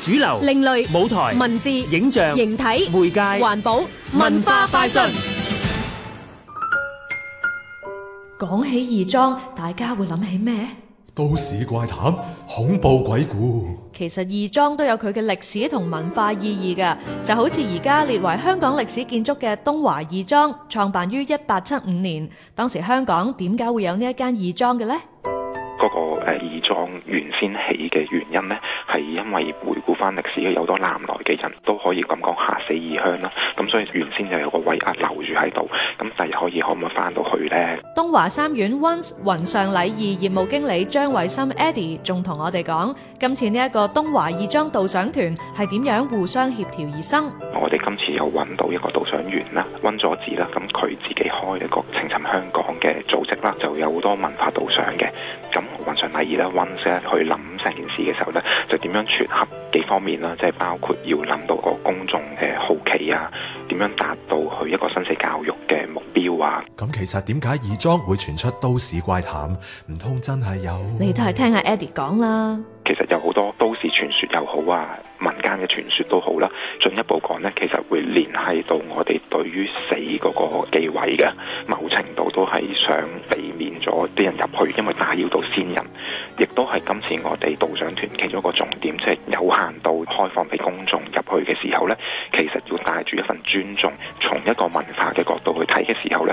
主流、另類舞台、文字、影像、形體、媒介、環保、文化、快訊。講起義莊，大家會諗起咩？都市怪談、恐怖鬼故。其實義莊都有佢嘅歷史同文化意義㗎，就好似而家列為香港歷史建築嘅東華義莊，創辦於一八七五年。當時香港點解會有呢一間義莊嘅呢？嗰、那個誒義莊，呃、原先起嘅原因呢，係因為回顧翻歷史，有好多南來嘅人都可以咁講嚇死異鄉啦，咁所以原先就有個位壓，啊、留住喺度，咁第日可以可唔可以翻到去呢？東華三院 Once 雲上禮儀業，業務經理張偉森 Eddie 仲同我哋講，今次呢一個東華義莊導賞團係點樣互相協調而生？我哋今次又搵到一個導賞員啦，溫佐治啦，咁 佢樂、嗯、自己開一個程尋香港嘅組織啦，就有好多文化導賞嘅。咁、嗯、雲上禮儀啦 Once 去諗成件事嘅時候咧，就點樣撮合幾方面啦，即係包括要諗到個公眾嘅好奇啊，點樣達到去一個新成。其實點解義莊會傳出都市怪談？唔通真係有？你都係聽下 Eddie 講啦。其實有好多都市傳說又好啊，民間嘅傳說都好啦。進一步講呢，其實會聯繫到我哋對於死嗰個忌位嘅某程度都係想避免咗啲人入去，因為打擾到先人。亦都係今次我哋導賞團其中一個重點，即係有限度開放俾公眾入去嘅時候呢，其實要帶住一份尊重，從一個文化嘅角度去睇嘅時候呢。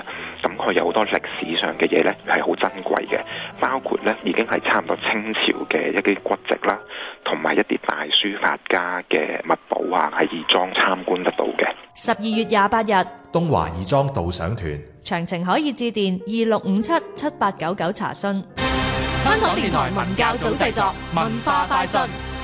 因為有好多歷史上嘅嘢咧，係好珍貴嘅，包括咧已經係差唔多清朝嘅一啲骨殖啦，同埋一啲大書法家嘅墨寶啊，喺義莊參觀得到嘅。十二月廿八日，東華義莊導賞團，詳情可以致電二六五七七八九九查詢。香港電台文教組製作文化快訊。